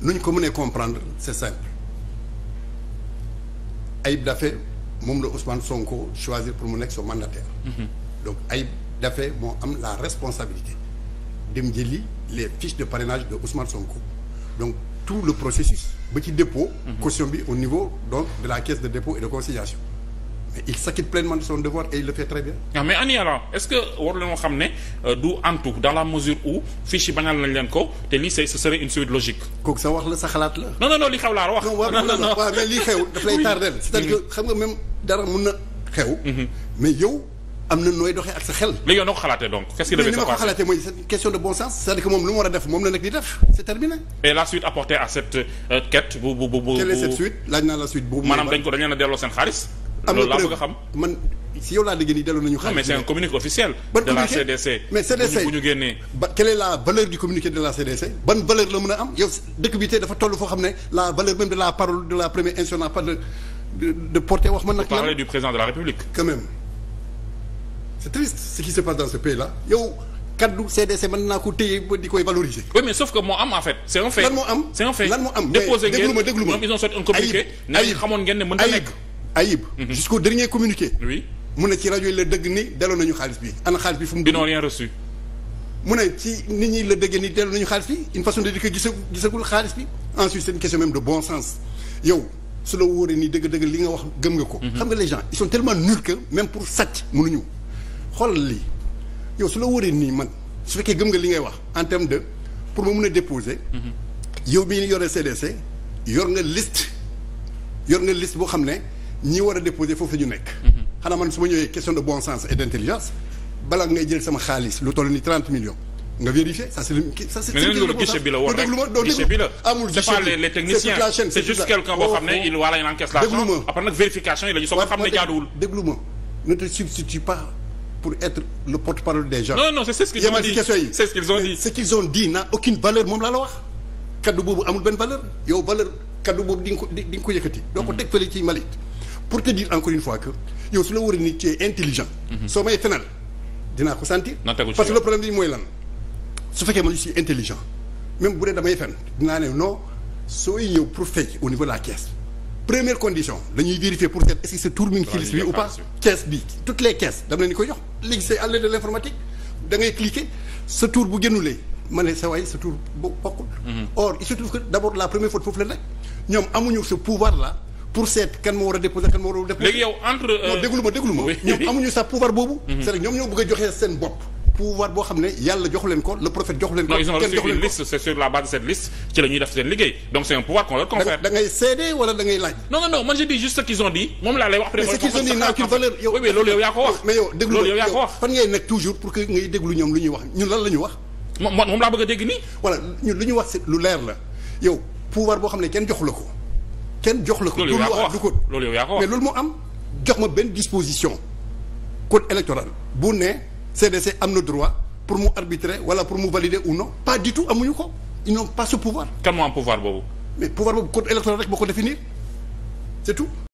nu ñu ko mënee comprendre c'est simple Ayib dafe moom la Ousmane Sonko choisir pour mu nekk son mandataire. Mhm. donc Ayib Daffé moo am la responsabilité dem jëli les fiches de parrainage de Ousmane Sonko donc tout le processus ba ci dépôt. Mhm. caution bi au niveau donc de la caisse de dépôt et de consignation. mais il s'acquitte pleinement de son devoir et il le fait très bien. ah mais Ani alors est-ce que war nañoo xam ne euh, du antu dans la mesure où fiche yi bañal nañ leen ko te lii ce serait une suite logique. kooku sa wax la sa xalaat la. non non non li xew laa wax. non non non waaw mais lii xew daf lay tardel c'est-à-dire que xam nga même dara mun na xew. Mhm. mais yow. am na nooy doxee ak sa xel. léegi noo ko xalaatee donc. question de bon sens. c'est-à-dire que moom lu mu war a def moom la nag et la suite apportée euh, la suite boobu. maanaam dañ ko dañ seen xaalis. am na preuve xam man si yow laa déggee nii delloo nañu xam mais c'est un communiqué officiel de la CDC mais CDC bu ñu ba quelle la valeur du communiqué de la CDC ban valeur la mën a am yow dëkk bi tey dafa toll foo xam ne la valeur même de la parole de la première instance pas de de porter wax man nag parler du président de la République quand même c'est triste ce qui se passe dans ce pays là yow kaddu CDC mën naa ko téye ba di koy valoriser. ne mën na nekk. Ayib. Mhm. jusqu'au dernier communiqué. oui mu ci rajo yi la dëgg ni delloo nañu xaalis bi ana xaalis bi fu mu. n'ont rien reçu. mu ci nit ñi la dëgg ni delloo nañu xaalis bi une façon de dire que gisagul gisagul xaalis bi ensuite c'est une question même de bon sens yow su la wóoree ni dëgg-dëgg li nga wax gëm nga ko. Mhm. xam nga les gens ils sont tellement nuls que même pour sàcc mënuñu xoolal lii yow su la wóoree nii man su fekkee gëm nga li ngay wax en terme de pour ma mun a déposer. Mhm. yow bi ñu yore CDC yor nga liste yor nga liste boo xam ne. ñi war a déposer foofu la ñu nekk. Mhm. xanaa man su ma ñëwee question de bon sens et d' intelligence ngay jël sama xaalis lu toll ni trente millions. nga vérifié ça c'est une ça c'est une guichet bi la woon rek guichet bi la amul guichet bi les techniciens c'est juste quelqu'un boo oh, xam ne oh. il wala il encaisse l'argent après nag vérification yi la xam ne jaaduwul déglu ma ne te substitue pas pour être le porte-parole des gens non non c'est ce qu'ils ce qu'ils ont di pour te dire encore une fois que yow su la war a nit ci intelligent mhm. soo may fenal dinaa ko sentir parce que le problème bi mooy lan su fekkee man je suis intelligent même bu dee damay fen dinaa ne non sooy ñëw pour fay au niveau de la caisse première condition dañuy vérifier pour seet est-ce que c'est tour mi ngi ci liste bi ou pas caisse bi toutes les caisses dama leen ni koy jox léegi c'est à de l'informatique da ngay cliquer sa tour bu génnulee man ne sa waay sa tour bokkul mhm. or il se trouve que d'abord la première fois foofu la nekk ñoom amuñu ce pouvoir là pour seet kan moo war a déposer a déposer. léegi yow euh, déglu ma déglu ma ñoom amuñu sax pouvoir boobu. Mhm. c'est ñoom ñoo bëgg a joxe seen bopp. pouvoir boo xam ne yàlla joxu leen ko le prophète joxu leen ko. kenn joxu leen ko c'est sur la base de cette liste ci pouvoir qu'on leur confère. da ngay seede wala da man je dis juste ce qu'ils ont dit. moom laa lay wax mais ce déglu loolu yaa ko wax fan ngay nekk toujours pour que ngay déglu ñoom lu ñuy wax ñun lan la wax. moom laa bëgg a dégg nii. voilà ñun lu ñu wax lu leer la yow pouvoir boo xam ne kenn joxu ko kenn jox la ko. loolu yow yaa ko wax mais loolu moo am jox ma benn disposition code électoral bu ne CDC am na droit pour mu arbitrer wala pour mu valider ou non pas du tout amuñu ko ils n'ont pas ce pouvoir. kan moo am pouvoir boobu. mais pouvoir boobu code électoral rek boo ko définir c'est tout.